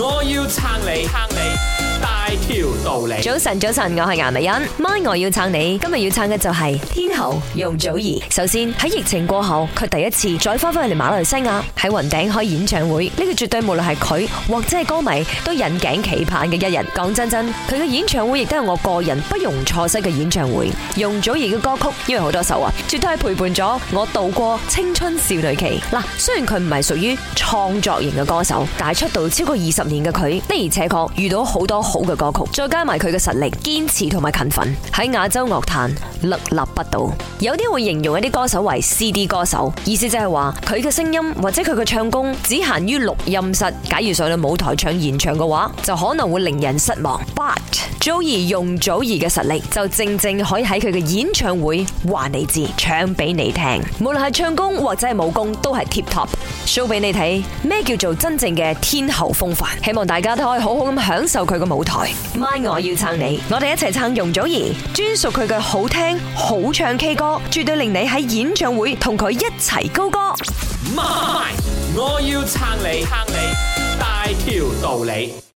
我要撐你撐你大條道理。早晨早晨，我係顏美欣，媽我要撐你，今日要撐嘅就係、是、天后容祖兒。首先喺疫情過後，佢第一次再翻返嚟馬來西亞喺雲頂開演唱會，呢個絕對無論係佢或者係歌迷都引頸期盼嘅一日。講真真，佢嘅演唱會亦都係我個人不容錯失嘅演唱會。容祖兒嘅歌曲，因為好多首啊，絕對係陪伴咗我度過青春少女期。嗱，雖然佢唔係屬於創作型嘅歌手，但係出道超過二十。年嘅佢，的而且確遇到好多好嘅歌曲，再加埋佢嘅實力、堅持同埋勤奮，喺亞洲樂壇屹立不倒。有啲會形容一啲歌手為 CD 歌手，意思就係話佢嘅聲音或者佢嘅唱功只限於錄音室，假如上到舞台唱現場嘅話，就可能會令人失望。But 祖兒容祖兒嘅實力就正正可以喺佢嘅演唱會話你知，唱俾你聽。無論係唱功或者係武功，都係 tip top。show 俾你睇咩叫做真正嘅天后風範。希望大家都可以好好咁享受佢嘅舞台。咪我要撐你，我哋一齊撐容祖兒，專屬佢嘅好聽好唱 K 歌，絕對令你喺演唱會同佢一齊高歌。咪我要撐你，撐你大條道理。